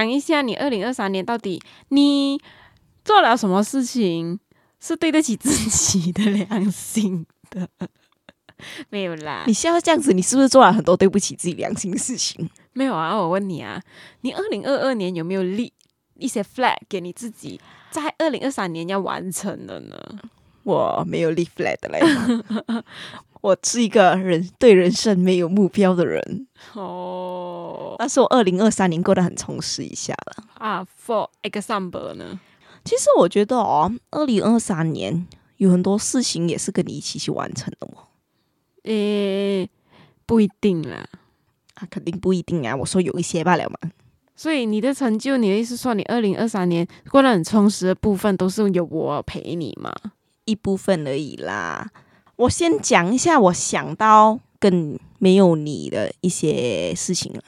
講一下，你二零二三年到底你做了什麼事情是對得起自己的良心的？ 沒有啦，你現在這樣子，你是不是做了很多對不起自己良心的事情？沒有啊，我問你啊，你二零二二年有沒有立一些 flag 給你自己，在二零二三年要完成的呢？我沒有立 flag 的嘞。 我是一個人對人生沒有目標的人哦，但、oh, 是我二零二三年過得很充實一下了啊。Ah, for example 呢？其實我覺得哦，二零二三年有很多事情也是跟你一起去完成的哦。誒，不一定啦，啊，肯定不一定啊。我說有一些罷了嘛。所以你的成就，你的意思說你二零二三年過得很充實的部分，都是由我陪你嘛？一部分而已啦。我先講一下我想到跟沒有你的一些事情了。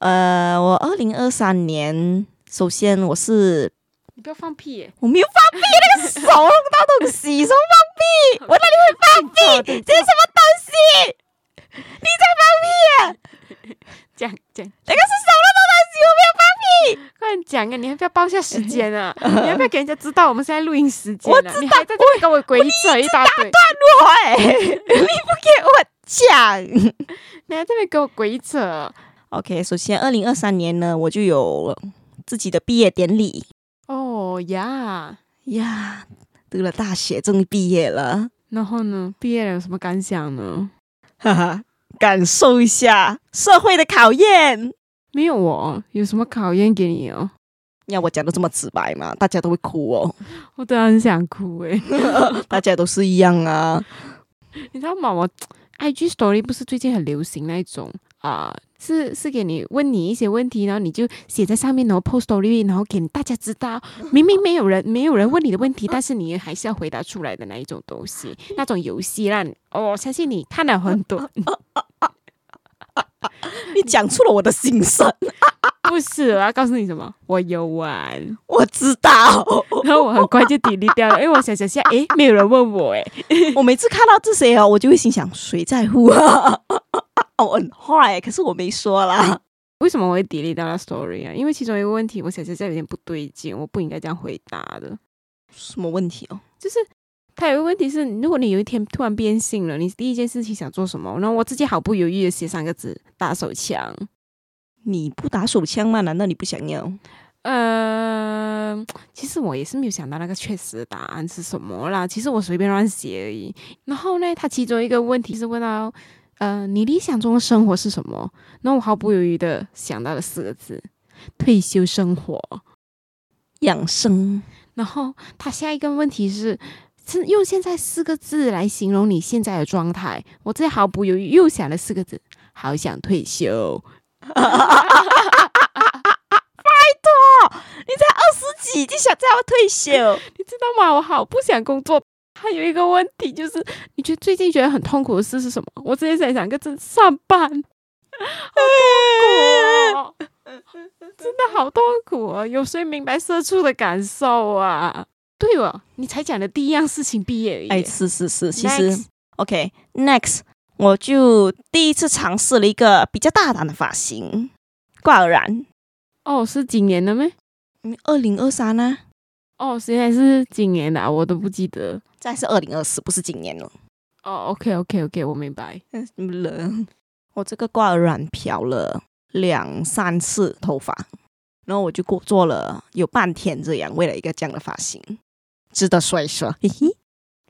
呃，我二零二三年，首先我是，你不要放屁，我沒有放屁啊，那個手弄到東西， 什麼放屁？ 我哪裡會放屁？ 這是什麼東西？ 你在放屁啊？講 講。那個。講啊！你還不要報一下時間啊！ 呃、你要不要給人家知道我們現在錄音時間，啊？我知道，你還在這給我鬼扯一大堆，你一打斷我哎，欸！ 你不給我講，你還在這跟我鬼扯。OK，首先，二零二三年呢，我就有自己的畢業典禮。哦呀呀，讀了大學終於畢業了。然後呢，畢業了有什麼感想呢？哈哈，感受一下社會的考驗。沒有我，哦，有什麼考驗給你哦？要我講的這麼直白嘛，大家都會哭哦，我都很想哭誒、欸， 大家都是一樣啊。 你知道嗎？我 IG story 不是最近很流行那一種啊？是是，給你問你一些問題，然後你就寫在上面，然後 post story，然後給大家知道。明明沒有人，沒有人問你的問題，但是你還是要回答出來的那一種東西，那種遊戲讓哦，我相信你看了很多。 你講出了我的心聲 不是？我要告訴你什麼？我有玩， 我知道。 然後我很快就 delete 掉了，因為我想想下，哎、欸，沒有人問我哎、欸。 我每次看到這些哦，我就會心想，誰在乎啊？我、 oh, 很壞、欸，可是我沒說啦。 為什麼我會 delete 掉了 story 啊？因為其中一個問題，我想現想在想有點不對勁，我不應該這樣回答的。什麼問題哦？就是。他有個問題是，如果你有一天突然變性了，你第一件事情想做什麼？然後我自己毫不猶豫的寫三個字：打手槍。你不打手槍嗎？難道你不想要？呃，其實我也是沒有想到那個確實答案是什麼啦。其實我隨便亂寫而已。然後呢，他其中一個問題是問到：呃，你理想中的生活是什麼？那我毫不猶豫的想到了四個字：退休生活，養生。然後他下一個問題是。用現在四個字來形容你現在的狀態，我最毫不猶豫又想了四個字：好想退休。 啊啊啊啊啊啊、拜託，你才二十幾，就想這樣退休，你知道嗎？我好不想工作。還有一個問題就是，你覺得最近覺得很痛苦的事是什麼？我直接在想個字：上班，好痛苦，哦， 真的好痛苦啊，哦！有誰明白社畜的感受啊？對哦，你才講的第一樣事情畢業而已。哎，是是是，其實 OK，Next，okay, next, 我就第一次嘗試了一個比較大膽的髮型，掛耳染。哦，是今年的咩？嗯，二零二三呢？哦，現在是今年的，啊，我都不記得，再是二零二四，不是今年了。哦，oh，OK OK OK，我明白。嗯，什麼人？我這個掛耳染漂了兩三次頭髮，然後我就過做了有半天這樣，為了一個這樣的髮型。值得說一說，嘿嘿。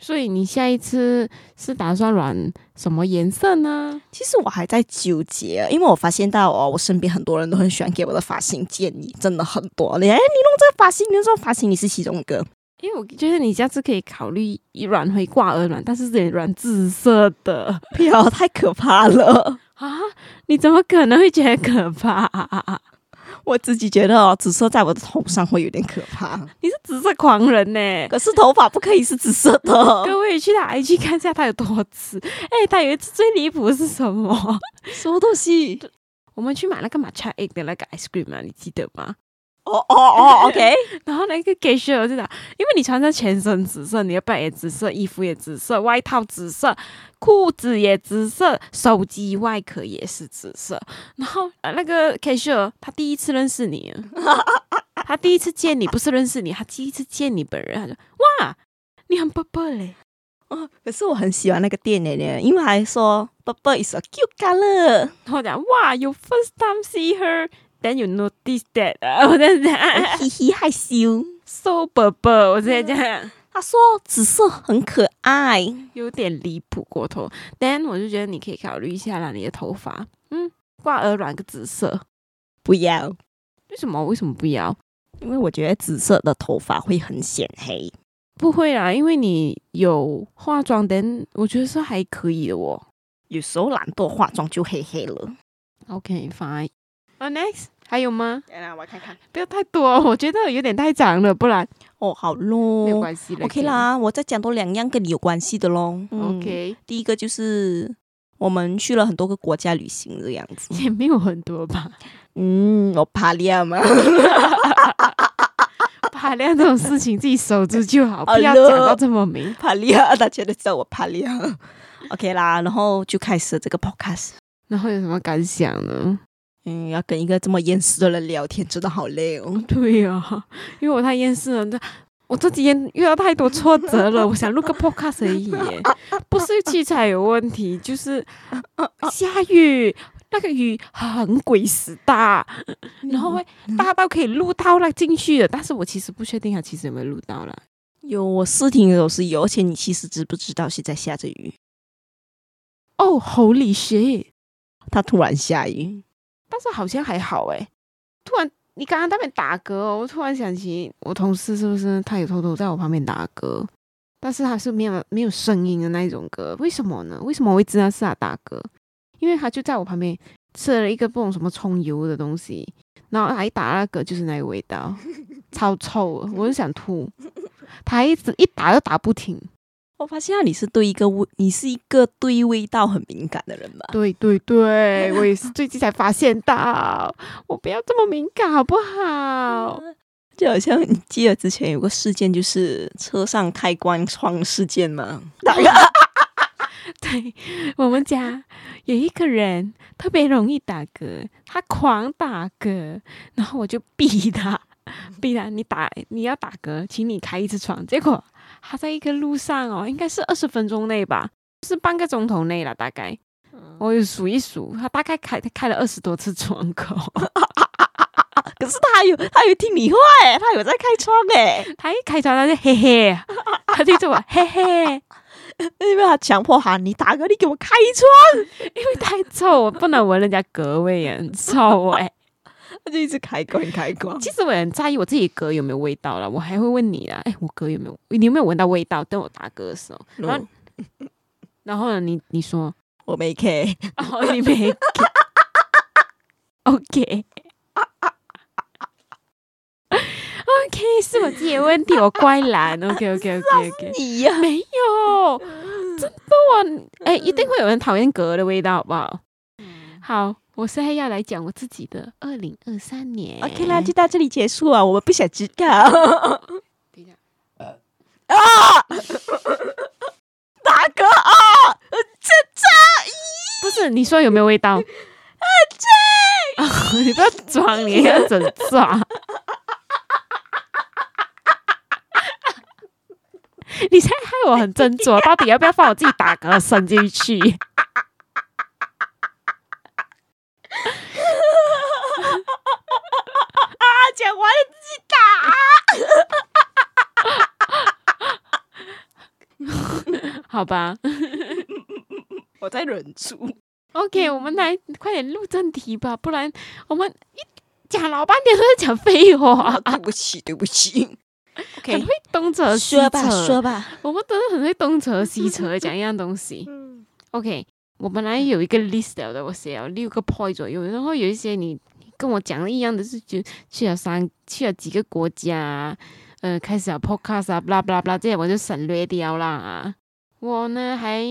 所以你下一次是打算染什麼顏色呢？其實我還在糾結，因為我發現到哦，我身邊很多人都很喜歡給我的髮型建議，真的很多。哎、欸，你弄這個髮型，你弄這個髮型，你是其中一個。因為我覺得你下次可以考慮染回掛耳染，但是染紫色的，不 要太可怕了啊！你怎麼可能會覺得可怕啊啊啊！我自己覺得哦，紫色在我的頭上會有點可怕。你是紫色狂人呢、欸？可是頭髮不可以是紫色的。 各位去到 IG 看一下，他有多紫。哎、欸，他有一次最離譜是什麼？ 什麼東西？ 我們去買那個 matcha egg 的那個 ice cream 啊，你記得嗎？哦哦哦，OK。 然後那個 cashier 就講，因為你穿上全身紫色，你的背也紫色，衣服也紫色，外套紫色，褲子也紫色，手機外殼也是紫色。然後那個 cashier 他第一次認識你， 他第一次見你，不是認識你， 他第一次見你 他第一次見你本人，他就哇，你很 purple 嘞。”哦，可是我很喜歡那個店的，因為他還說 “purple is a cute color”。然後講：“哇 you first time see her。” Then you notice that 啊，我這樣，嘿嘿害羞。Oh, he he, so purple, 我直接這樣。Uh, 他說紫色很可愛， 有點離譜過頭。Then 我就覺得你可以考慮一下啦，你的頭髮，嗯，掛耳染個紫色，不要。為什麼？為什麼不要？因為我覺得紫色的頭髮會很顯黑。不會啦，因為你有化妝，Then 我覺得說還可以的哦。有時候懶惰化妝就黑黑了。OK, fine. Okay. 啊、oh,，Next，還有嗎？等一下我看看，不要太多，哦，我覺得有點太長了，不然、oh,，哦、okay，好咯，沒關係的，OK 啦，我再講多兩樣跟你有關係的咯。OK，、嗯、第一個就是我們去了很多個國家旅行，這樣子也沒有很多吧？ 嗯，我怕樑、啊、嘛，怕 樑、 啊、這種事情自己守住就好，不 要講到這麼明，怕 樑、啊、大家都知道我怕樑、啊、 ，OK 啦，然後就開始了這個 Podcast，然後有什麼感想呢？嗯，要跟一個這麼厭世的人聊天，真的好累哦。對呀、哦，因為我太厭世了，我這幾天遇到太多挫折了。 我想錄個 podcast 而已，不是器材有問題， 就是下雨， 那個雨很鬼死大，然後會大到可以錄到了進去的，但是我其實不確定啊，其實有沒有錄到了。有，我試聽的時候是有，而且你其實知不知道是在下着雨？哦，holy shit，他突然下雨。但是好像還好哎，突然你剛剛那邊打嗝，我突然想起我同事是不是他也偷偷在我旁邊打嗝？但是他是沒有沒有聲音的那一種嗝，為什麼呢？為什麼我會知道是他打嗝？因為他就在我旁邊吃了一個不懂什麼蔥油的東西，然後他一打那個就是那個味道，超臭的，我就想吐。他一直一打都打不停。我發現你是對一個味，你是一個對味道很敏感的人嘛。對對對， 我也是最近才發現到，我不要這麼敏感好不好？就好像你記得之前有個事件，就是車上開關窗事件嘛。打 對，我們家有一個人特別容易打嗝，他狂打嗝，然後我就逼他，逼他，你打，你要打嗝，請你開一次窗。結果。他在一個路上哦，應該是二十分鐘內吧，是半個鐘頭內了大概。我、嗯哦、數一數，他大概開他開了二十多次窗口。 可是他有他有聽你話誒，他有在開窗誒，他一開窗他就嘿嘿，他對着我嘿嘿。 因為他強迫哈你大哥你給我開窗，因為太臭，我不能聞人家隔位的臭誒。 就一直開關開關，其實我很在意我自己嗝有沒有味道了，我還會問你啊，哎、欸，我嗝有沒有？你有沒有聞到味道？等我打嗝的時候，No. 然後，然後呢？你你說我沒 care，然後你沒 care，OK，OK 是我自己的問題，我怪懶。OK，OK，OK，k、okay, okay, okay, okay. 你呀、啊？ 沒有，真的我、啊，哎、欸，一定會有人討厭嗝的味道，好不好？好，我現在要來講我自己的二零二三年。OK 啦，就到這裡結束啊！我不想知道。等一下，呃啊， 打嗝啊，這這，不是你說有沒有味道？啊 你不要裝， 你要整裝。 你現在害我很斟酌，到底要不要放我自己打嗝聲進去？講完了自己打， 好吧，我在忍住。OK、嗯、我們來快點錄正題吧，不然我們一講老半天都在講廢話，啊啊，對不起，對不起。Okay, 很會東扯西扯，說吧，說吧，我們都很會東扯西扯講一樣東西、嗯。OK，我本來有一個 list 的，我寫了六個 point 左右，然後有一些你。跟我講的一樣的是就去了三去了幾個國家、啊，嗯、呃，開始有 podcast 啊，bla bla bla 這些我就省略掉啦、啊。我呢還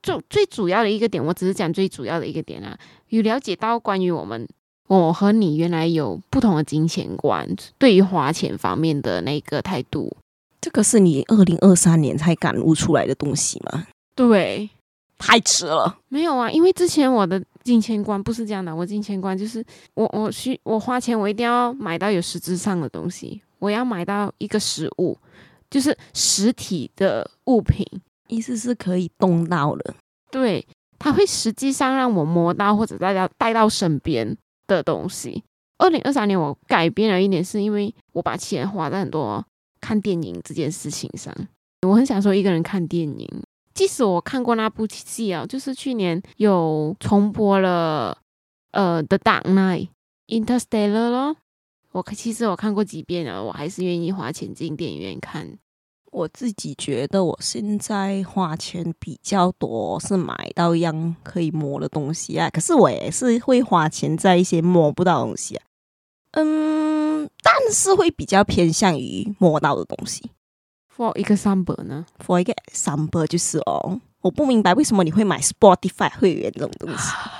就最主要的一個點，我只是講最主要的一個點啊，有了解到關於我們我和你原來有不同的金錢觀，對於花錢方面的那個態度。這個是你二零二三年才感悟出來的東西嗎？對，太遲了。沒有啊，因為之前我的。金錢觀不是這樣的，我金錢觀就是我，我需我花錢，我一定要買到有實質上的東西，我要買到一個實物，就是實體的物品，意思是可以動到的。對，它會實際上讓我摸到或者大家帶到身邊的東西。二零二三年我改變了一點，是因為我把錢花在很多看電影這件事情上，我很享受一個人看電影。即使我看過那部戲啊，就是去年有重播了，呃，《The Dark Knight、Interstellar》咯，我可其實我看過幾遍啊，我還是願意花錢進電影院看。我自己覺得，我現在花錢比較多是買到一樣可以摸的東西啊，可是我也是會花錢在一些摸不到東西啊，嗯，但是會比較偏向於摸到的東西。For example 呢？For example 就是哦，我不明白為什麼你會買 Spotify 會員這種東西啊，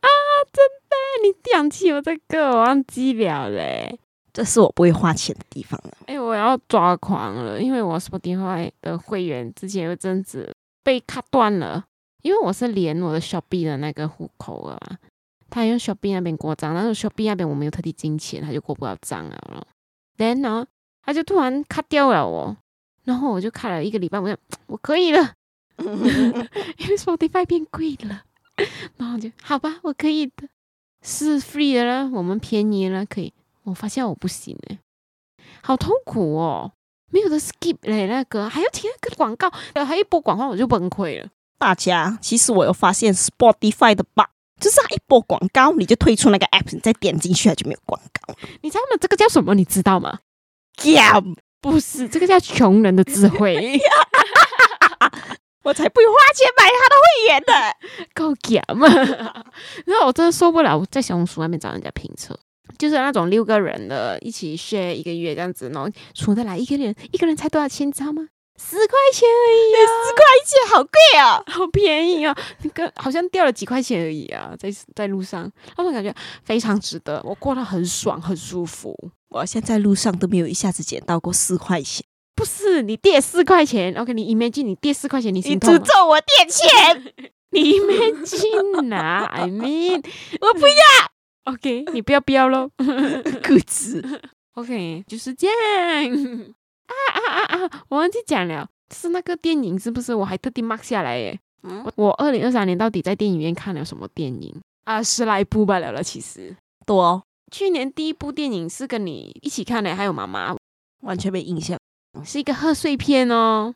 啊！真的，你樣起我這個，我忘記了嘞。這是我不會花錢的地方了。哎，我要抓狂了，因為我 Spotify 的會員，呃呃、之前有陣子被卡斷了，因為我是連我的 Shopee 的那個戶口啊，他用 Shopee 那邊過賬，但是 Shopee 那邊我沒有特地金錢，他就過不了賬啊了。Then 呢？他就突然卡掉了哦，然後我就卡了一個禮拜，我想我可以了， 因為 Spotify 變貴了，然後就好吧，我可以的，是 free 的了，我們便宜了，可以。我發現我不行哎，好痛苦哦，沒有的 skip 哎，那個還要聽那個廣告，呃，還一波廣告我就崩潰了。大家其實我有發現 Spotify 的 bug，就是一播廣告你就退出那個 app，你再點進去還就沒有廣告。你猜嗎？這個叫什麼？你知道嗎？假嗎？不是，這個叫窮人的智慧。 我才不會花錢買他的會員的，夠假嗎、啊？ 然後我真的受不了，我在小紅書外面找人家拼車，就是那種六個人的，一起 share 一個月這樣子，然後數得來一個人，一個人才多少錢，你知道嗎？十塊錢而已、啊，十塊錢好貴啊，好便宜啊！那個好像掉了幾塊錢而已啊，在在路上，他們感覺非常值得，我過得很爽，很舒服。我現在路上都沒有一下子撿到過四塊錢，不是你跌四塊錢，OK，你 imagine，你跌四塊錢,、okay, 錢，你你詛咒我跌錢，你 imagine 啊 ！I mean， 我不要，OK，你不要不要咯 good 子 OK 就是這樣。啊啊啊啊！我忘記講了，是那個電影是不是？我還特地 mark 下來耶。嗯、我我二零二三年到底在電影院看了什麼電影？啊，十來部吧，了了其實。對、哦，去年第一部電影是跟你一起看的，還有媽媽，完全沒印象。是一個賀歲片哦，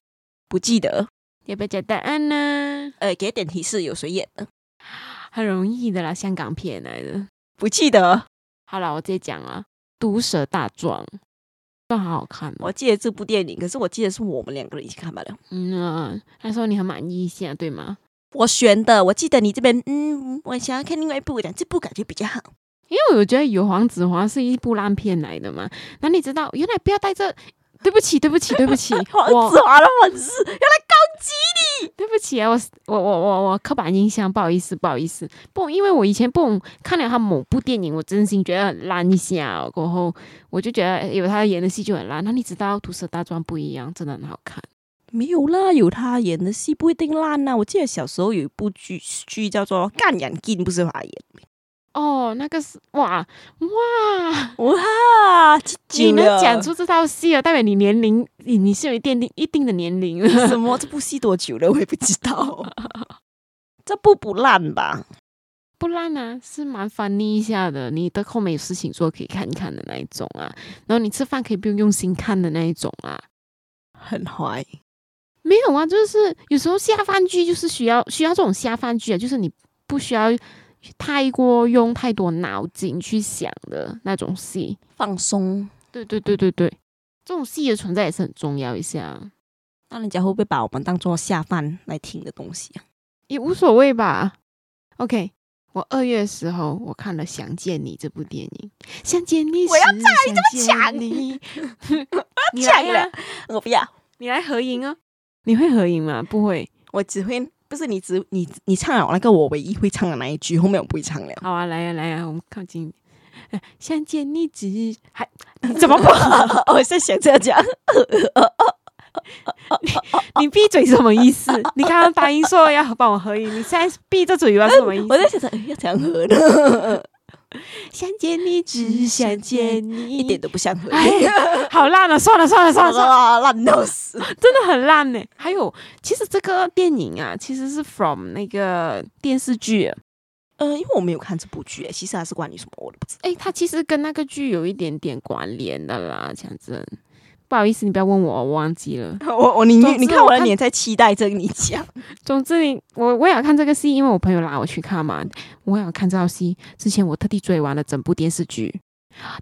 不記得。要不要寫答案呢？呃，給一點提示，有誰演的，啊？很容易的啦，香港片來的，不記得。好了，我直接講啊，毒舌大狀。都好好看、哦，我記得這部電影，可是我記得是我們兩個人一起看的。嗯、啊、他說你很滿意一下對嗎？我選的，我記得你這邊，嗯，我想要看另外一部的，這部感覺比較好，因為我覺得有黃子華是一部爛片來的嘛。那你知道原來不要帶這，對不起，對不起，對不起，不起 黃子華的粉絲原來高級。對不起啊，我我我我，我，我刻板印象，不好意思，不好意思，不，因為我以前不看了他某部電影，我真心覺得很爛一下，哦，過後我就覺得有他演的戲就很爛。那你知道《毒舌大狀》不一樣，真的很好看。沒有啦，有他演的戲不一定爛吶、啊。我記得小時候有一部劇劇叫做《乾眼鏡》，不是他演的。哦、oh，那個是哇哇哇這！你能講出這套戲啊、哦，代表你年齡，你你是有奠定一定的年齡？ 什麼？這部戲多久了？我也不知道。 這部不爛吧？不爛啊，是蠻 funny 一下的。你的後面有事情做，可以看看的那一種啊。然後你吃飯可以不用用心看的那一種啊。很壞？沒有啊，就是有時候下飯劇就是需要需要這種下飯劇啊，就是你不需要。太過用太多腦筋去想的那種戲，放鬆。對對對對對，這種戲的存在也是很重要一下啊。那人家會不會把我們當做下飯來聽的東西啊？也無所謂吧。OK，我二月時候我看了《想見你》這部電影，《見想見你》我要炸， 你怎麼搶你？搶了我不要，你來合影哦，哦。你會合影嗎？不會，我只會。不是你只你你唱啊，那個我唯一會唱的那一句，後面我不會唱了。好啊，來呀、啊、來呀、啊，我們靠近。哎、呃，想見你只還怎麼不？我是想着講，你你閉嘴什麼意思？ 你剛剛答應說要幫我合音，你現在閉着嘴巴，什麼意思？嗯、我在想着要怎麼合呢。 想見你，只想見你，嗯，見你一點都不想回 好爛，好爛了，算了算了算了算了，爛到死真的很爛呢。還有，其實這個電影啊，其實是從那個電視劇，嗯、呃，因為我沒有看這部劇，哎，其實它是關於什麼我都不知道，哎、欸，它其實跟那個劇有一點點關聯的啦，這樣子。不好意思，你不要問我，我忘記了。我我你你你看我的臉在期待着你講。總之，你我我也要看這個戲，因為我朋友拉我去看嘛。我也要看這套戲。之前我特地追完了整部電視劇，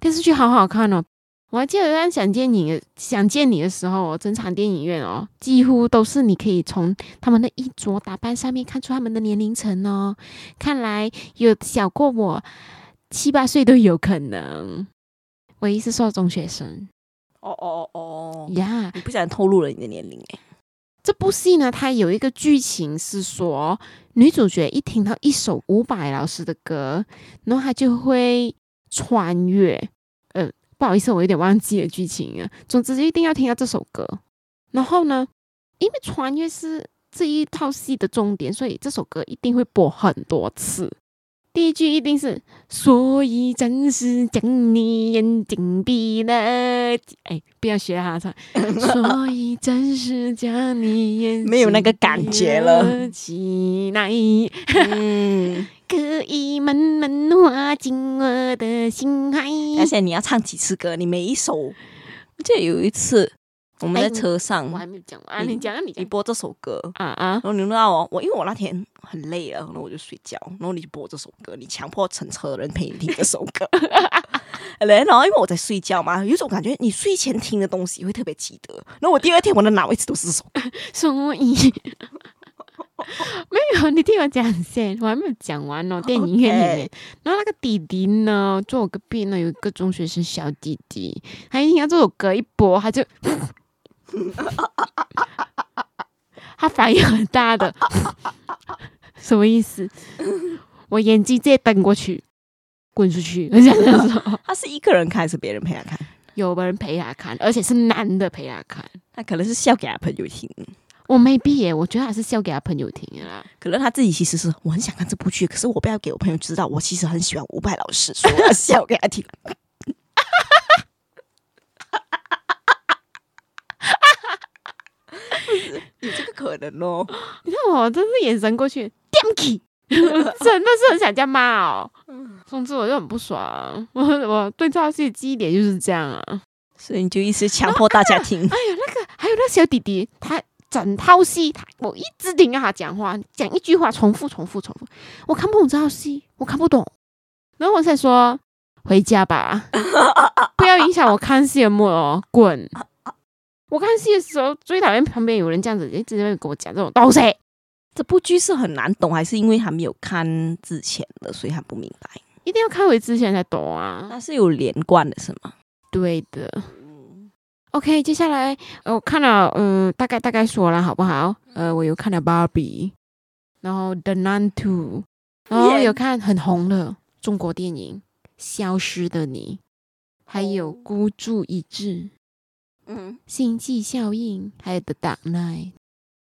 電視劇好好看哦。我還記得，想見你想見你的時候，整場電影院哦，幾乎都是你可以從他們的衣着打扮上面看出他們的年齡層哦。看來有小過我七八歲都有可能。我意思是說中學生。哦哦哦哦呀！你不想透露了你的年齡哎？這部戲呢，它有一個劇情是說，女主角一聽到一首伍佰老師的歌，然後她就會穿越。呃，不好意思，我有點忘記了劇情啊。總之，一定要聽到這首歌。然後呢，因為穿越是這一套戲的重點，所以這首歌一定會播很多次。第一句一定是，所以暫時將你眼睛閉了，哎，不要學哈唱。 所以暫時將你眼睛閉了沒有那個感覺了起來， 可以慢慢滑進我的心海。而且你要唱幾次歌？你每一首，我記得有一次。我們在車上，哎、我還沒有講完。你講、啊，你、啊、你，你播這首歌啊啊！然後你知道哦，我因為我那天很累了，然後我就睡覺。然後你就播這首歌，你強迫乘車的人陪你聽這首歌。然 後、喔、因為我在睡覺嘛，有種感覺，你睡前聽的東西會特別記得。然後我第二天，我的腦一直都是什麼？什 麼所以？ 沒有，你聽我講先，我還沒有講完呢，電影院裡面，okay. 然後那個弟弟呢，坐我隔壁呢，有一個中學生小弟弟，他一聽到這首歌一播，他就。 他反應很大的， 什麼意思？我眼睛直接瞪過去，滾出去！你想說他是一個人看，還是別人陪他看？有個人陪他看，而且是男的陪他看。他可能是笑給他朋友聽。我沒必要，我覺得還是笑給他朋友聽啊。可能他自己其實是我很想看這部劇，可是我不要給我朋友知道，我其實很喜歡伍佰老師，所以笑給他聽。 有 這個可能哦！ 你看我，真是眼神過去 d 起。 天氣 真的是很想叫媽哦。總之我就很不爽，我我對這套戲的記憶點就是這樣啊。所以你就一直強迫大家聽。啊、 哎呀，那個還有那小弟弟，他整套戲，他我一直盯着他講話，講一句話重複重複重複，重複，我看不懂這套戲，我看不懂。然後我才說，回家吧， 不要影響我看節目的哦，滾。 我看戲的時候最討厭旁邊有人這樣子，一直在跟我講這種東西。這部劇是很難懂，還是因為他沒有看之前的，所以他不明白？一定要看回之前才懂啊！那是有連貫的，是嗎？對的。OK，接下來、呃、我看了，嗯、呃，大概大概說了好不好？呃，我有看了《芭比》，然後《The Nun Two》，然後有看很紅的中國電影《消失的你》，還有《孤注一擲》。嗯，星際效應，還有 The Dark Knight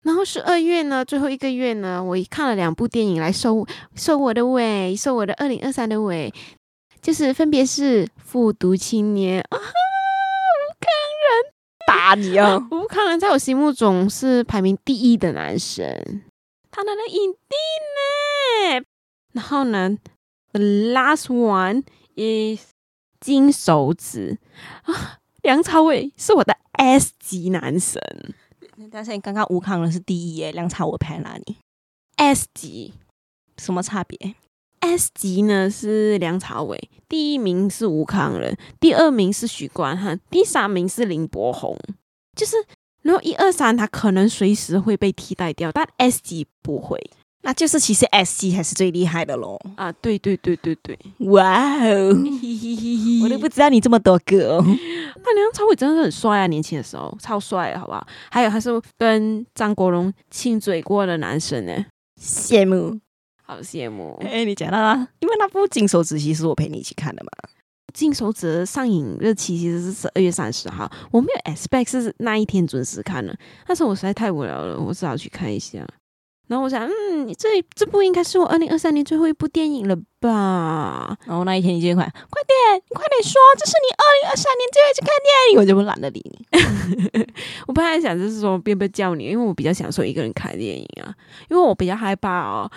然後十二月呢，最後一個月呢，我一看了兩部電影來收收我的尾，收我的二零二三的尾，就是分別是復讀青年啊，吳、哦、康仁打你哦，吳康仁在我心目中是排名第一的男神，他拿了影帝呢。然後呢，The last one is 金手指啊。哦梁朝偉是我的 S 級男神，但是你剛剛吳慷仁是第一耶，梁朝偉排哪裡？S 級什麼差別？S 級呢是梁朝偉，第一名是吳慷仁，第二名是許光漢，第三名是林柏宏。就是如果一二三他可能隨時會被替代掉，但 S 級不會。那就是其實 S C 還是最厲害的咯。啊！對對對對對，哇哦！我都不知道你這麼多歌哦。那梁朝偉真的很帥啊，年輕的時候超帥，好不好？還有他是跟張國榮親嘴過的男生呢，羨慕，好羨慕。哎、欸，你講到啦，因為那部《金手指》其實是我陪你一起看的嘛，《金手指》上映日期其實是十二月三十號，我沒有 expect 是那一天準時看的，但是我實在太無聊了，我只好去看一下。然後我想，嗯，這這部應該是我二零二三年最後一部電影了吧？然後那一天你就會快，快點，你快點說，這是你二零二三年最後一次看電影，我就懶得理你。 我本來想就是說，別別叫你，因為我比較享受一個人看電影啊，因為我比較害怕哦，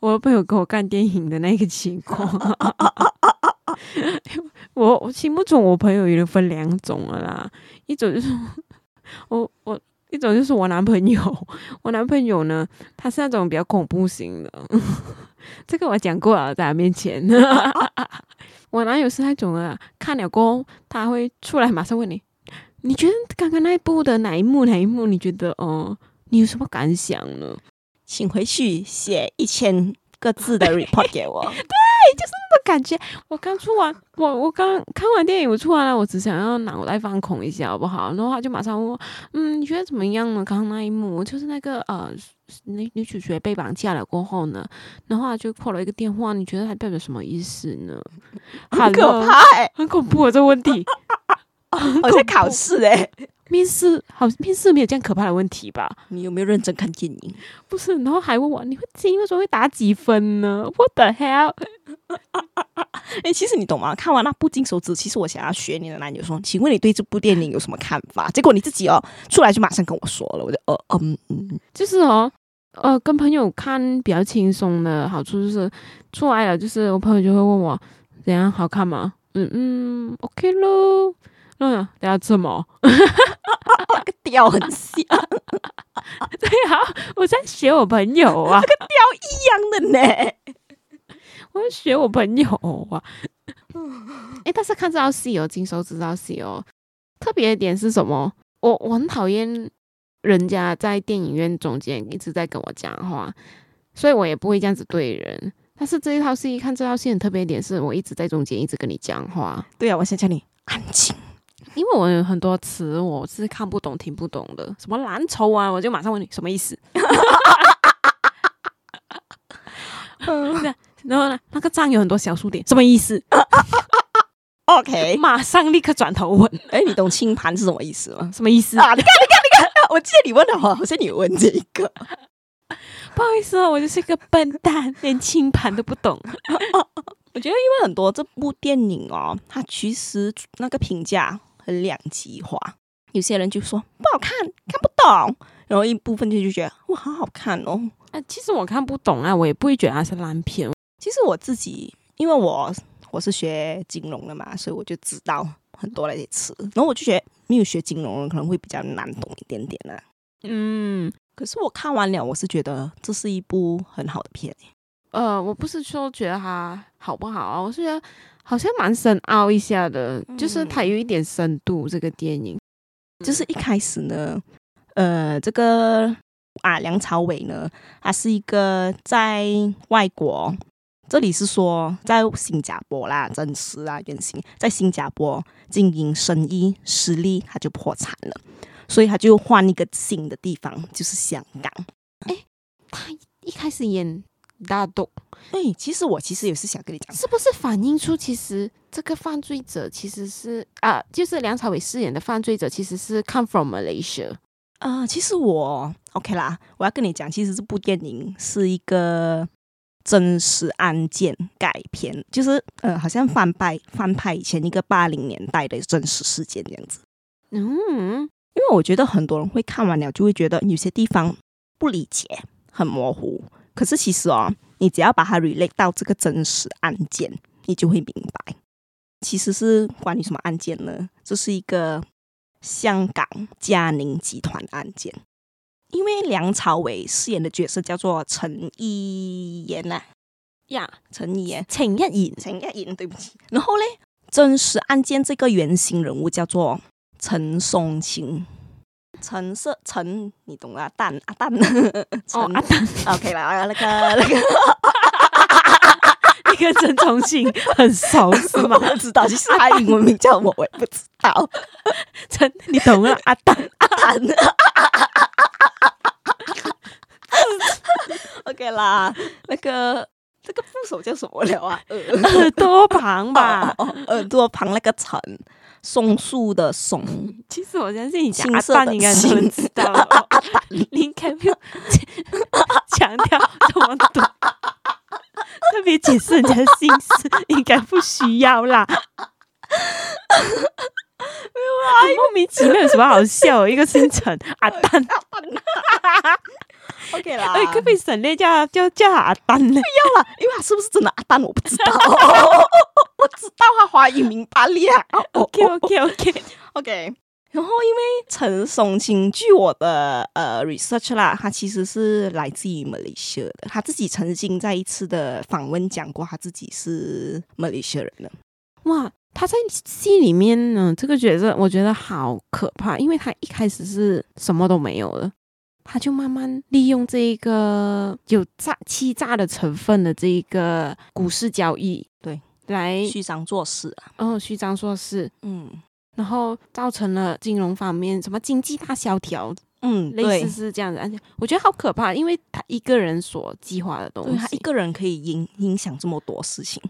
我的朋友跟我看電影的那個情況。啊啊啊啊啊啊、 我我心目中我朋友已經分兩種了啦，一種就是我我。我一種就是我男朋友，我男朋友呢，他是那種比較恐怖型的。 這個我講過了，在我面前， 我男友是那種啊，看了過，他會出來馬上問你，你覺得剛剛那一部的哪一幕，哪一幕，你覺得哦、呃，你有什麼感想呢？請回去寫一千個字的 report 給我。 就是那種感覺，我剛出完，我我剛看完電影，我出完了，我只想要腦袋放空一下，好不好？然後他就馬上問我，嗯，你覺得怎麼樣呢？剛剛那一幕就是那個呃，女女主角被綁架了過後呢，然後他就扣了一個電話，你覺得還代表什麼意思呢？很可怕、欸，誒， 很恐怖啊！這個問題，我在考試、欸，誒。 面試好，面試沒有這樣可怕的問題吧？你有沒有認真看電影？不是，然後還問我你會因為什麼會打幾分呢？What the hell？、啊啊啊欸、其實你懂嗎？看完了金手指，其實我想要學你的男友說，請問你對這部電影有什麼看法？結果你自己哦出來就馬上跟我說了，我就呃嗯嗯，就是哦呃跟朋友看比較輕鬆的好處就是出來了，就是我朋友就會問我怎樣好看嗎？嗯嗯，OK 嘍。嗯，等下吃什麼？哈哈哈，那、 啊啊啊、個調很像。 對啊，我在學我朋友啊，這 個調一樣的呢。我在學我朋友啊。嗯，誒，但是看這套戲哦，經手指這套戲哦，特別一點是什麼？我我很討厭人家在電影院中間一直在跟我講話，所以我也不會這樣子對人。但是這一套戲，看這套戲很特別一點，是我一直在中間一直跟你講話。對啊，我想叫你安靜。因為我有很多詞，我是看不懂、聽不懂的，什麼藍籌啊，我就馬上問你什麼意思。哈 然後呢，那個賬有很多小數點，什麼意思 ？OK，馬上立刻轉頭問。哎，你懂清盤是什麼意思嗎？ 什麼意思啊？你看，你看，你看，我記得你問的話，好像你問這一個。 不好意思啊、哦，我就是一個笨蛋，連清盤都不懂。 我覺得因為很多這部電影哦，它其實那個評價，很兩極化，有些人就說不好看，看不懂，然後一部分就就覺得哇，好好看哦。啊，其實我看不懂啊，我也不會覺得它是爛片。其實我自己，因為我我是學金融的嘛，所以我就知道很多那些詞，然後我就覺得沒有學金融可能會比較難懂一點點啊。嗯，可是我看完了，我是覺得這是一部很好的片。呃，我不是說覺得他好不好，我是覺得好像蠻深奧一下的，嗯，就是他有一點深度。這個電影就是一開始呢，呃，這個啊，梁朝偉呢，他是一個在外國，這裡是說在新加坡啦，真實啊原型，在新加坡經營生意失利，實力，他就破產了，所以他就換一個新的地方，就是香港。哎，他一開始演。大洞、欸、其實我其實也是想跟你講，是不是反映出其實這個犯罪者其實是啊，就是梁朝偉飾演的犯罪者其實是 come from Malaysia 啊、呃。其實我 OK 啦，我要跟你講，其實這部電影是一個真實案件改編，就是呃，好像翻拍翻拍以前一個八零年代的真實事件這樣子。嗯，因為我覺得很多人會看完了就會覺得有些地方不理解，很模糊。可是其實哦，你只要把它 relate 到這個真實案件，你就會明白。其實是關於什麼案件呢？這是一個香港嘉寧集團案件，因為梁朝偉飾演的角色叫做陳一言啦、啊，呀、yeah，陳一言，陳一言，陳一言，對不起。然後呢，真實案件這個原型人物叫做陳松青。橙色橙，你懂啊？蛋阿蛋，橙阿蛋，OK 啦、啊，那個那個 那個， 你跟陳重慶很熟 是嗎？ 我不知道，其實阿穎文名 叫我，我也不知道。陳，你懂啊？阿蛋阿蛋，OK 啦，那個這、那個部首叫什麼了啊？耳朵旁吧，耳 朵、哦哦、旁那個陳。松樹的松的，其實我相信，阿贊應該有知道， 你應該沒有強調這麼多， 特別解釋人家心思，應該不需要啦。 莫名其妙有什麼好笑？ 一個姓新陳 阿丹 ，OK 啦，哎，可不可以省略叫叫叫阿丹嘞？不要啦， 因為他是不是真的阿丹我不知道， 我知道他華語名阿烈啊。 OK OK OK OK, okay.。然後因為陳松青，據我的呃 research 啦，他其實是來自於馬來西亞的，他自己曾經在一次的訪問講過，他自己是馬來西亞人了。哇！他在戲裡面呢，這個角色我覺得好可怕，因為他一開始是什麼都沒有的，他就慢慢利用這一個有詐、欺詐的成分的這一個股市交易，對，來虛張作勢啊，哦，虛張作勢，嗯，然後造成了金融方面什麼經濟大蕭條，嗯，類似是這樣子，而且我覺得好可怕，因為他一個人所計劃的東西，對他一個人可以影影響這麼多事情。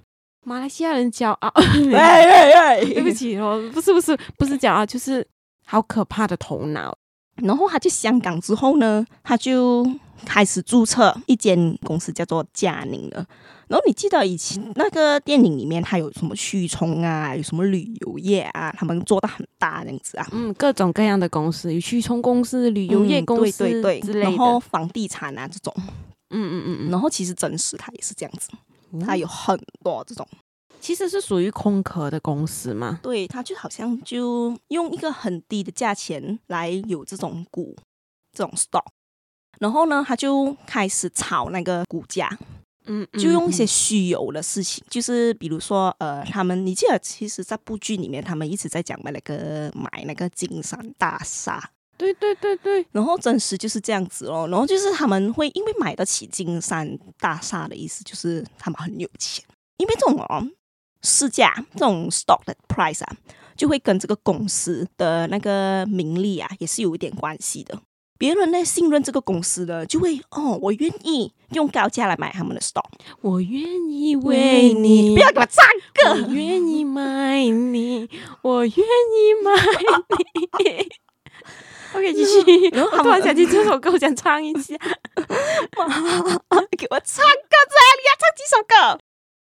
馬來西亞人驕傲，對，對，對，對，對不起哦，不是不是不是驕傲，就是好可怕的頭腦。然後他去香港之後呢，他就開始註冊一間公司，叫做佳寧了。然後你記得以前那個電影裡面，他有什麼虛充啊，有什麼旅遊業啊，他們做得很大那樣子啊。嗯，各種各樣的公司，有虛充公司、旅遊業公司、嗯、對對對，然後房地產啊這種。嗯嗯嗯，嗯，然後其實真實他也是這樣子。它有很多這種，其實是屬於空殼的公司嘛。對，它就好像就用一個很低的價錢來有這種股，這種 stock，然後呢他就開始炒那個股價，嗯嗯，嗯，就用一些虛有的事情，就是比如說呃，他們你記得，其實這部劇裡面，他們一直在講買那個買那個金山大廈。對對對對，然後真實就是這樣子哦，然後就是他們會因為買得起金山大廈的意思，就是他們很有錢。因為這種、哦、市價這種 stock 的 price 啊，就會跟這個公司的那個名利啊，也是有一點關係的。別人呢信任這個公司的，就會哦，我願意用高價來買他們的 stock。我願意為你，不要給我唱。我願意買你，我願意買你。 OK，繼續。突然想起這首歌， 我想唱一下。哇， 給我唱歌，你要唱幾首歌？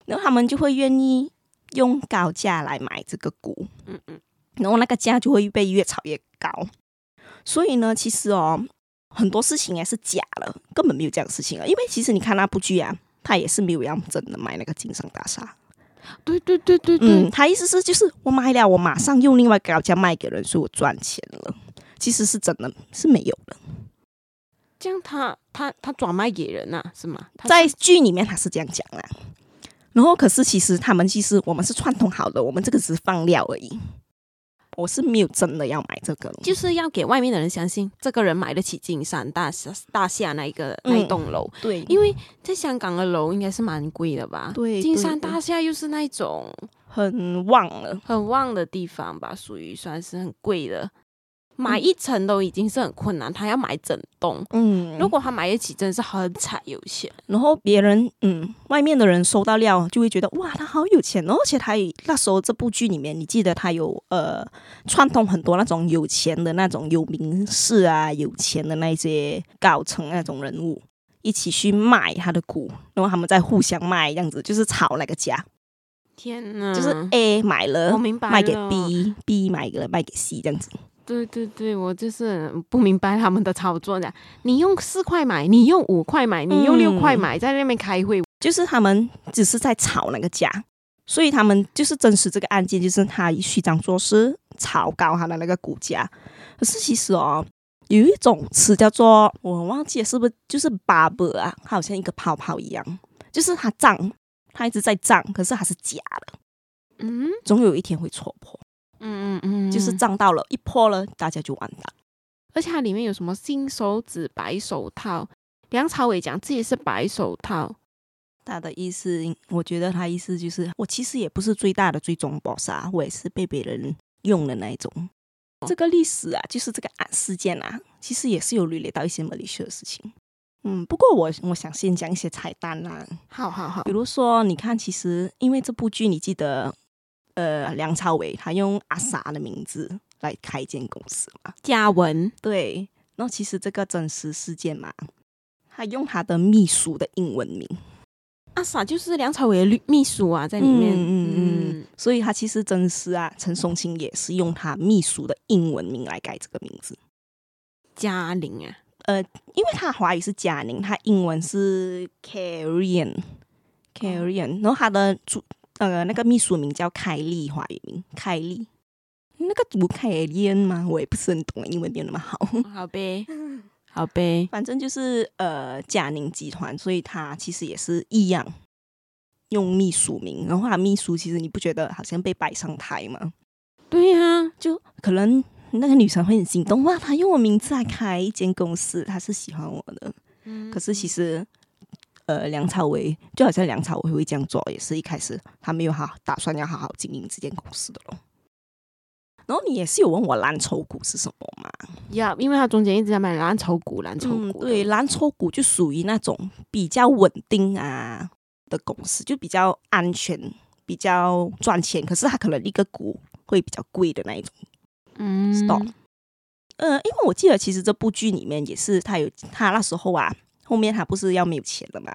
然後他們就會願意用高價來買這個股。嗯嗯。然後那個價就會被越炒越高。所以呢，其實哦，很多事情也是假了，根本沒有這樣事情啊。因為其實你看那部劇啊，他也是沒有要真的買那個金山大廈。對對對對對。嗯、他意思是，就是我買了，我馬上用另外高價賣給人，說我賺錢了。其實是真的是沒有了，這樣他他他轉賣給人啊，是嗎？在劇裡面他是這樣講啊，然後可是其實他們其實我們是串通好的，我們這個只是放料而已。我是沒有真的要買這個，就是要給外面的人相信這個人買得起金山大廈大廈那個，那一個那棟樓，嗯，對，因為在香港的樓應該是蠻貴的吧？對，金山大廈又是那種很旺了，很旺的地方吧，屬於算是很貴的。買一層都已經是很困難，他要買整棟。嗯，如果他買一起，真的是很慘有錢。然後別人，嗯，外面的人收到料，就會覺得哇，他好有錢哦！而且他也那時候這部劇裡面，你記得他有呃串通很多那種有錢的那種有名士啊，有錢的那些高層那種人物一起去賣他的股，然後他們在互相賣，這樣子就是炒那個價。天哪！就是 A 買了，我明白了，賣給 B，B 買了賣給 C 這樣子。對對對，我就是不明白他們的操作的。你用四塊買，你用五塊買，你用六塊買，嗯、在那邊開會，就是他們只是在炒那個價。所以他們就是證實這個案件，就是他以虛張聲勢炒高他的那個股價。可是其實哦，有一種詞叫做我忘記了是不是，就是 bubble 啊，它好像一個泡泡一樣，就是它漲，它一直在漲，可是它是假的，嗯，總有一天會戳破。嗯嗯嗯，就是漲到了一破了，大家就完蛋。而且它裡面有什麼金手指、白手套？梁朝偉講自己是白手套，他的意思，我覺得他的意思就是，我其實也不是最大的最終 boss 啊，我也是被別人用的那一種。哦、這個歷史啊，就是這個案事件啊，其實也是有聯結到一些蠻離奇的事情。嗯，不過我我想先講一些彩蛋啦、啊。好好好，比如說你看，其實因為這部劇，你記得。呃，梁朝偉他用阿 Sa 的名字來開一間公司嘛？嘉文。對，那其實這個真實事件嘛，他用他的秘書的英文名阿 Sa，啊，就是梁朝偉的秘書啊，在裡面。嗯嗯，嗯，所以他其實真實啊，陳松青也是用他秘書的英文名來改這個名字。嘉玲啊，呃，因為他華語是嘉玲，他英文是 Carrion，啊，Carrion 然後他的主。呃，那個秘書名叫凱莉，華語名凱莉，那個讀凱爾尼嗎？我也不是很懂英文，沒有那麼好。好唄，好唄，反正就是呃，嘉寧集團，所以她其實也是異樣用秘書名，然後他秘書，其實你不覺得好像被擺上台嗎？對呀、啊，就可能那個女生會很心動哇、啊，她用我名字來開一間公司，她是喜歡我的，嗯、可是其實。呃，梁朝偉就好像梁朝偉會這樣做，也是一開始他沒有好打算要好好經營這間公司的咯。然後你也是有問我藍籌股是什麼嗎？呀、yeah，因為他中間一直在買藍籌股，藍籌股、嗯、對藍籌股就屬於那種比較穩定啊的公司，就比較安全、比較賺錢，可是他可能一個股會比較貴的那一種 stop。嗯，懂呃，因為我記得其實這部劇裡面也是他有他那時候啊。後面他不是要沒有錢了嘛，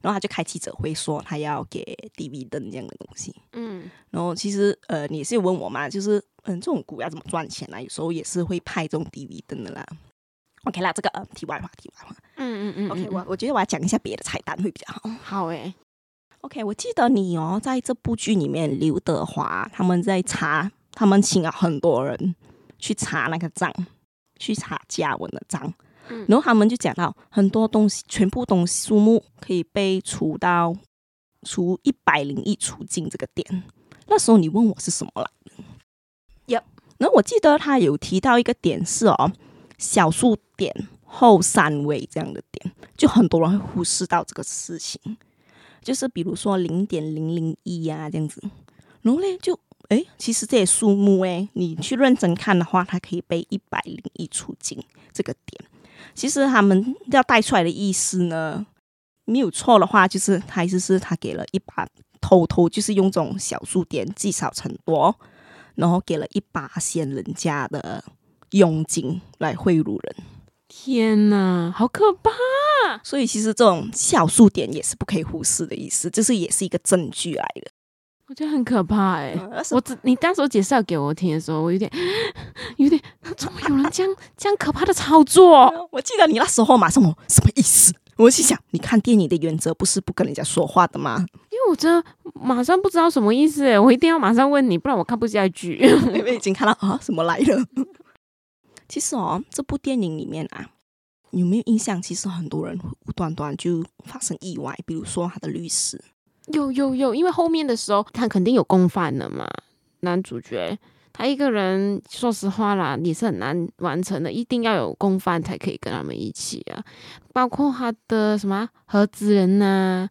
然後他就開記者會說他要給 D V 燈這樣的東西，嗯，然後其實呃你是有問我嘛，就是嗯這種股要怎麼賺錢啊？有時候也是會派這種 D V 燈的啦。OK 啦，這個嗯，題外話，題外話，嗯嗯嗯，OK，我我覺得我要講一下別的彩蛋會比較好。好哎，OK，我記得你哦，在這部劇裡面，劉德華他們在查，他們請了很多人去查那個賬，去查嘉文的賬。然後他們就講到很多東西，全部東西數目可以被除到除一百零一除盡這個點。那時候你問我是什麼了？呀、嗯，然後我記得他有提到一個點是哦，小數點後三位這樣的點，就很多人會忽視到這個事情。就是比如說零點零零一啊這樣子，然後呢，就哎，其實這些數目哎，你去認真看的話，它可以被一百零一除盡這個點。其實他們要帶出來的意思呢，沒有錯的話，就是他就是，是他給了一趴，偷偷就是用這種小數點積少成多，然後給了一趴先人家的佣金來賄賂人。天哪，好可怕！所以其實這種小數點也是不可以忽視的意思，就是也是一個證據來的。我覺得很可怕哎、欸嗯！我只你當時候介紹給我聽的時候，我有點，有點，怎麼有人這樣、啊、這樣可怕的操作？我記得你那時候馬上，什麼什麼意思？我心想，你看電影的原則不是不跟人家說話的嗎？因為我真的馬上不知道什麼意思、欸，哎，我一定要馬上問你，不然我看不下去。你們已經看到啊，什麼來了？ 其實哦，這部電影裡面啊，有沒有印象？其實很多人無端端就發生意外，比如說他的律師。有有有，因為後面的時候他肯定有共犯的嘛。男主角他一個人，說實話啦，你是很難完成的，一定要有共犯才可以跟他們一起啊。包括他的什麼合資人吶、啊、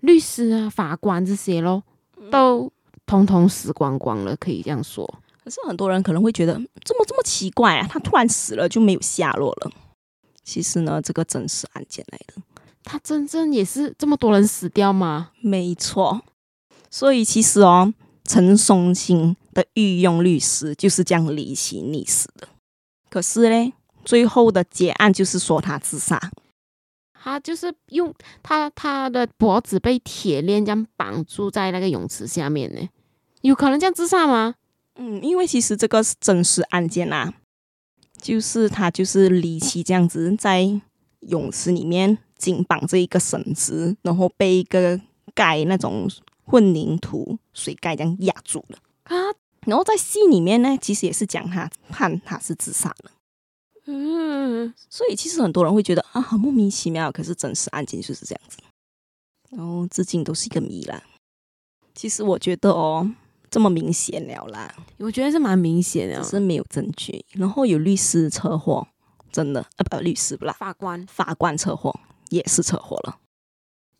律師啊、法官這些咯，都通通死光光了，可以這樣說。可是很多人可能會覺得這麼這麼奇怪啊，他突然死了就沒有下落了。其實呢，這個真實案件來的。他真正也是這麼多人死掉嗎？沒錯，所以其實哦，陳松青的御用律師就是這樣離奇溺死的。可是呢，最後的結案就是說他自殺，他就是用他他的脖子被鐵鏈這樣綁住在那個泳池下面呢，有可能這樣自殺嗎？嗯，因為其實這個是真實案件啦、啊，就是他就是離奇這樣子在泳池裡面。頸綁着一個繩子，然後被一個蓋那種混凝土水蓋這樣壓住了啊！然後在戲裡面呢，其實也是講他判他是自殺了。嗯，所以其實很多人會覺得啊，很莫名其妙。可是真實案件就是這樣子，然後至今都是一個謎啦。其實我覺得哦，這麼明顯了啦，我覺得是蠻明顯的，只是沒有證據。然後有律師車禍，真的啊，不、呃、律師不啦，法官法官車禍。也是車禍了，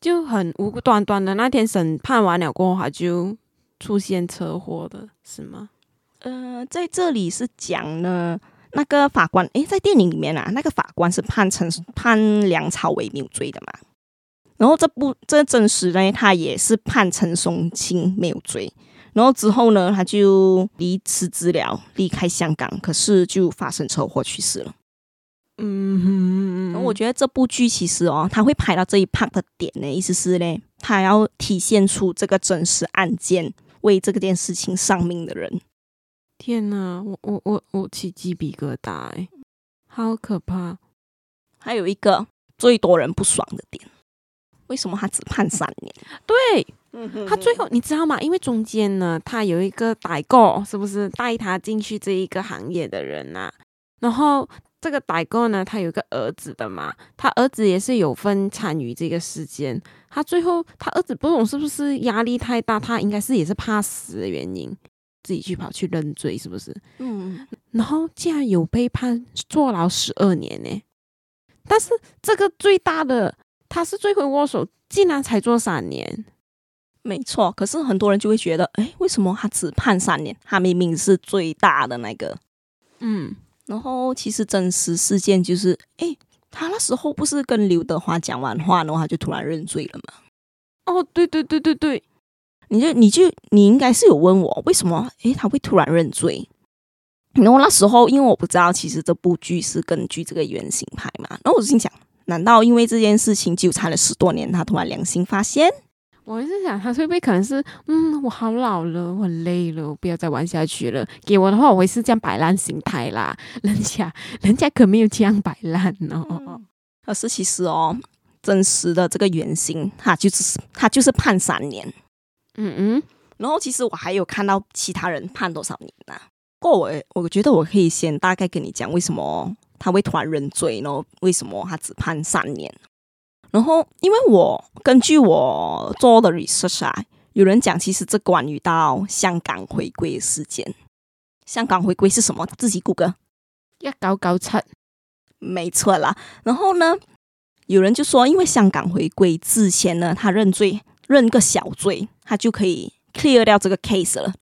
就很無端端的。那天審判完了過後，他就出現車禍的是嗎？呃，在這裡是講呢，那個法官哎，在電影裡面啊，那個法官是判陳判梁朝偉沒有罪的嘛？然後這部這證實呢，他也是判陳松青沒有罪。然後之後呢，他就離辭職了，離開香港，可是就發生車禍去世了。嗯哼。我覺得這部劇其實哦，他會拍到這一 part 的點呢，意思是呢，他要體現出這個真實案件為這個件事情喪命的人。天哪，我我我我起雞皮疙瘩，哎，好可怕！還有一個最多人不爽的點，為什麼他只判三年？ 對，他最後你知道嗎？因為中間呢，他有一個代購，是不是帶他進去這一個行業的人吶、啊？然後。這個大哥呢，他有個兒子的嘛，他兒子也是有份參與這個事件。他最後他兒子不懂是不是壓力太大，他應該是也是怕死的原因，自己去跑去認罪，是不是？嗯。然後竟然有被判坐牢十二年呢，但是這個最大的他是罪魁禍首，竟然才坐三年。沒錯，可是很多人就會覺得，哎，為什麼他只判三年？他明明是最大的那個，嗯。然後，其實真實事件就是，哎，他那時候不是跟劉德華講完話的話，然後他就突然認罪了嘛？哦，對對對對對，你就你就你應該是有問我為什麼，哎，他會突然認罪？然後那時候，因為我不知道，其實這部劇是根據這個原型拍嘛，那我心想，難道因為這件事情，糾纏了十多年，他突然良心發現？我一直想，他會不會可能是，嗯，我好老了，我累了，我不要再玩下去了。給我的話，我會是這樣擺爛心態啦。人家，人家可沒有這樣擺爛哦、嗯。可是其實哦，真實的這個原型，他就是他就是判三年。嗯嗯。然後其實我還有看到其他人判多少年呢、啊。過我我覺得我可以先大概跟你講，為什麼他會突然認罪呢？為什麼他只判三年？然後，因為我根據我做的 research、啊、有人講，其實這關於到香港回歸事件。香港回歸是什麼？自己 Google，要搞搞清，沒錯啦。然後呢，有人就說，因為香港回歸之前呢，他認罪認個小罪，他就可以 clear 掉這個 case 了。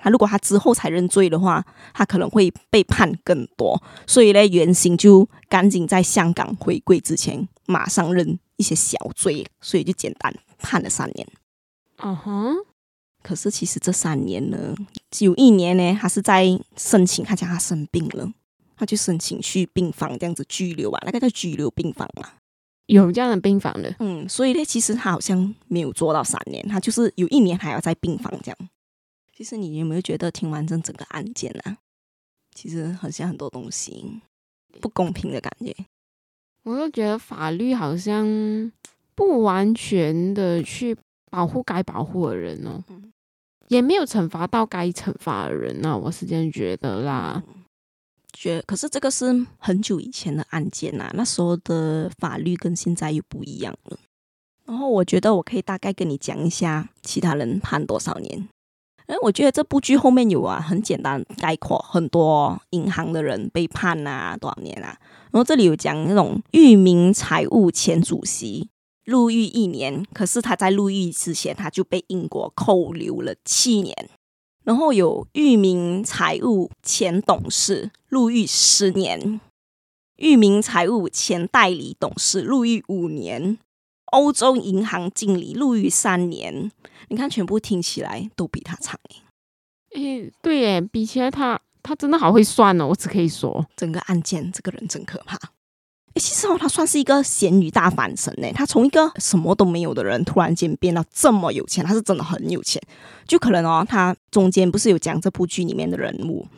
他如果他之後才認罪的話，他可能會被判更多。所以呢，原型就趕緊在香港回歸之前馬上認。一些小罪，所以就簡單判了三年。嗯哼，可是其實這三年呢，只有一年呢，他是在申請，他講他生病了，他就申請去病房這樣子拘留吧，那個叫拘留病房嘛，有這樣的病房的。嗯，所以呢，其實他好像沒有做到三年，他就是有一年還要在病房這樣。其實你有沒有覺得聽完這整個案件啊，其實好像很多東西不公平的感覺。我就覺得法律好像不完全的去保護該保護的人哦，也沒有懲罰到該懲罰的人呢、啊，我是這樣覺得啦。覺可是這個是很久以前的案件啦、啊，那時候的法律跟現在又不一樣了。然後我覺得我可以大概跟你講一下其他人判多少年。誒、哎，我覺得這部劇後面有啊，很簡單概括，很多銀行的人被判了多少年啊。然後這裡有講那種裕民財務前主席入獄一年，可是他在入獄之前他就被英國扣留了七年。然後有裕民財務前董事入獄十年，裕民財務前代理董事入獄五年。歐洲銀行經理入獄三年，你看，全部聽起來都比他長哎。對耶，比起來他，他真的好會算哦。我只可以說，整個案件這個人真可怕誒。其實哦，他算是一個鹹魚大翻身哎。他從一個什麼都沒有的人，突然間變到這麼有錢，他是真的很有錢。就可能哦，他中間不是有講這部劇裡面的人物，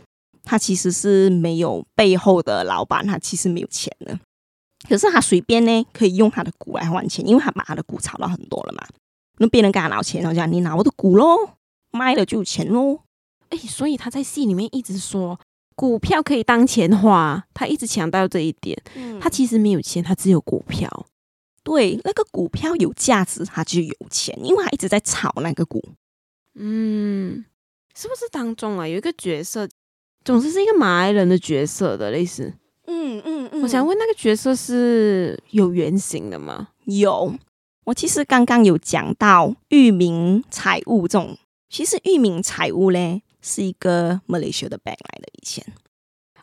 他其實是沒有背後的老闆，他其實沒有錢的。可是他隨便呢，可以用他的股來換錢，因為他把他的股炒到很多了嘛。那別人給他拿錢，然後就講：“你拿我的股嘍，賣了就有錢嘍。欸”哎，所以他在戲裡面一直說股票可以當錢花，他一直強調這一點。他其實沒有錢，他只有股票。嗯、對，那個股票有價值，他就有錢，因為他一直在炒那個股。嗯，是不是當中啊有一個角色，總之是，是一個馬來人的角色的類似。嗯嗯嗯，我想問那個角色是有原型的嗎？有，我其實剛剛有講到域名財務這種，其實域名財務呢，是一個 Malaysia 的 bank 來的，以前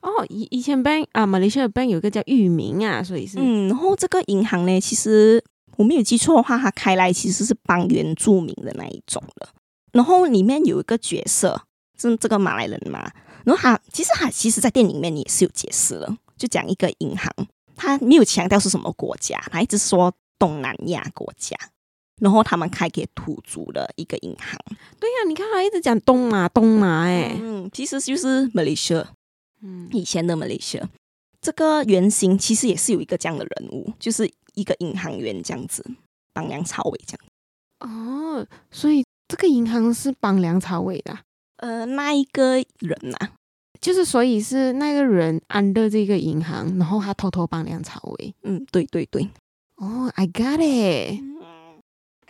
哦，以以前 bank 啊 Malaysia 的 bank 有一個叫域名啊，所以是嗯，然後這個銀行呢，其實我沒有記錯的話，它開來其實是幫原住民的那一種的，然後裡面有一個角色是這個馬來人嘛，然後他其實他其實在店裡面也是有解釋了。就講一個銀行，他沒有強調是什麼國家，他一直說東南亞國家，然後他們開給土著的一個銀行。對呀、啊，你看他一直講東馬、啊、東馬，哎，嗯，其實就是馬來西亞，嗯，以前的馬來西亞。這個原型其實也是有一個這樣的人物，就是一個銀行員這樣子，綁梁朝偉這樣。哦，所以這個銀行是綁梁朝偉的？呃，那一個人吶、啊。就是，所以是那個人安樂這個銀行，然後他偷偷幫梁朝偉。嗯，對對對。哦，oh，I got it。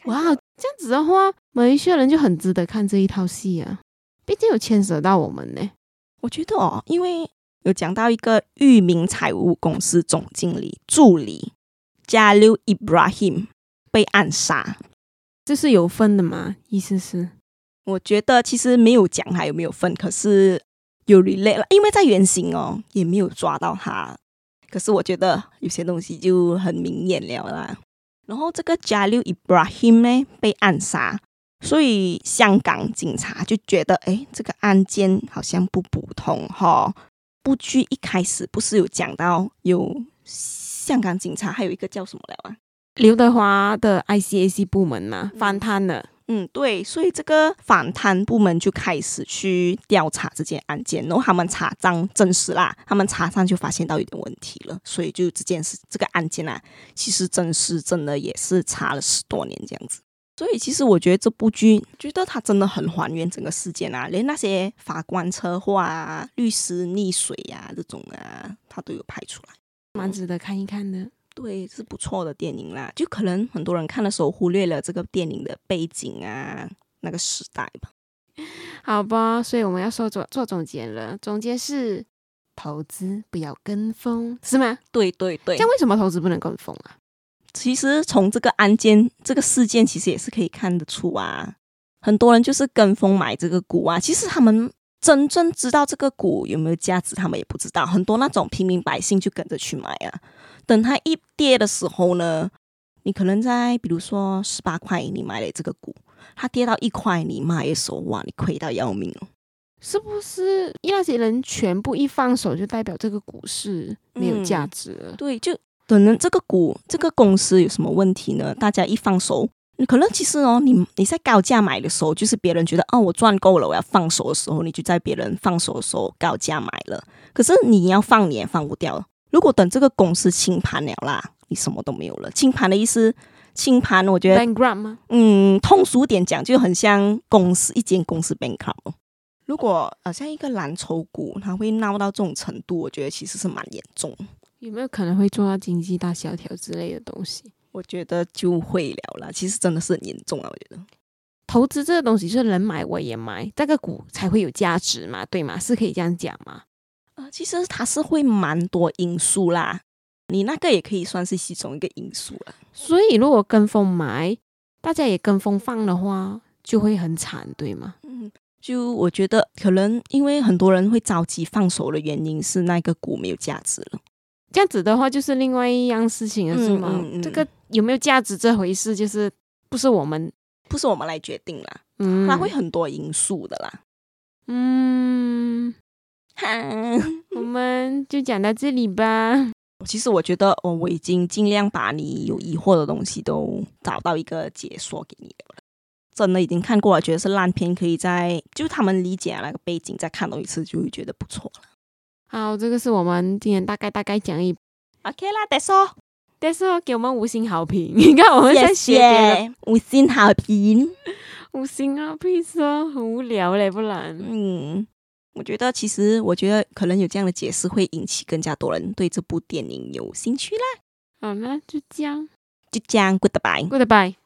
哇，這樣子的話，某些人就很值得看這一套戲啊。畢竟有牽扯到我們呢。我覺得哦，因為有講到一個裕民財務公司總經理助理 Jalil Ibrahim 被暗殺，這是有份的嗎？意思是，我覺得其實沒有講還有沒有份，可是。有 relate 了，因為在原形哦，也沒有抓到他。可是我覺得有些東西就很明眼了啦。然後這個 Jalil Ibrahim 呢被暗殺，所以香港警察就覺得，哎，這個案件好像不普通哈、哦。部劇一開始不是有講到有香港警察，還有一個叫什麼了啊？劉德華的 ICAC 部門吶、啊、翻攤了。嗯，對，所以這個反貪部門就開始去調查這件案件，然後他們查賬證實啦，他們查賬就發現到有點問題了，所以就這件事，這個案件啊，其實真實真的也是查了十多年這樣子。所以其實我覺得這部劇，覺得它真的很還原整個事件啊，連那些法官車禍啊、律師溺水呀、啊、這種啊，他都有拍出來，蠻值得看一看的。對，是不錯的電影啦。就可能很多人看的時候忽略了這個電影的背景啊，那個時代吧。好吧，所以我們要說做做總結了。總結是投資不要跟風，是嗎？對對對。那為什麼投資不能跟風啊？其實從這個案件這個事件，其實也是可以看得出啊，很多人就是跟風買這個股啊。其實他們真正知道這個股有沒有價值，他們也不知道。很多那種平民百姓就跟着去買啊。等它一跌的時候呢，你可能在比如說十八塊你買了這個股，它跌到一塊你賣的時候，哇，你虧到要命哦！是不是？那些人全部一放手，就代表這個股市沒有價值了？嗯、對，就等能這個股這個公司有什麼問題呢？大家一放手，你可能其實哦，你你在高價買的時候，就是別人覺得哦，我賺夠了，我要放手的時候，你就在別人放手的時候高價買了，可是你要放你也放不掉。如果等這個公司清盤了啦，你什麼都沒有了。清盤的意思，清盤，我覺得，bankrupt 嗎？嗯，通俗點講，就很像公司一間公司 bankrupt。如果好像一個藍籌股，它會鬧到這種程度，我覺得其實是蠻嚴重。有沒有可能會做到經濟大蕭條之類的東西？我覺得就會了啦。其實真的是很嚴重啊，我覺得。投資這個東西就是人買我也買，這個股才會有價值嘛，對嗎？是可以這樣講嗎？其實它是會蠻多因素啦，你那個也可以算是其中一個因素了。所以如果跟風買，大家也跟風放的話，就會很慘，對嗎？嗯，就我覺得可能因為很多人會着急放手的原因是那個股沒有價值了。這樣子的話就是另外一樣事情了，是嗎？嗯，嗯，嗯。這個有沒有價值這回事，就是不是我們不是我們來決定啦，嗯，它會很多因素的啦，嗯。 我們就講到這裡吧。其實我覺得，哦，我已經盡量把你有疑惑的東西都找到一個解說給你了。真的已經看過了，覺得是爛片，可以再就他們理解的那個背景再看到一次，就會覺得不錯了。好，這個是我們今天大概大概講一。OK 啦，再說再說，給我們五星好評，你 看我們在寫五星好評，五 星好評說很無聊嘞，不然嗯。我覺得，其實我覺得，可能有這樣的解釋會引起更加多人對這部電影有興趣啦。好了，就這樣，就這樣，Goodbye，Goodbye。Good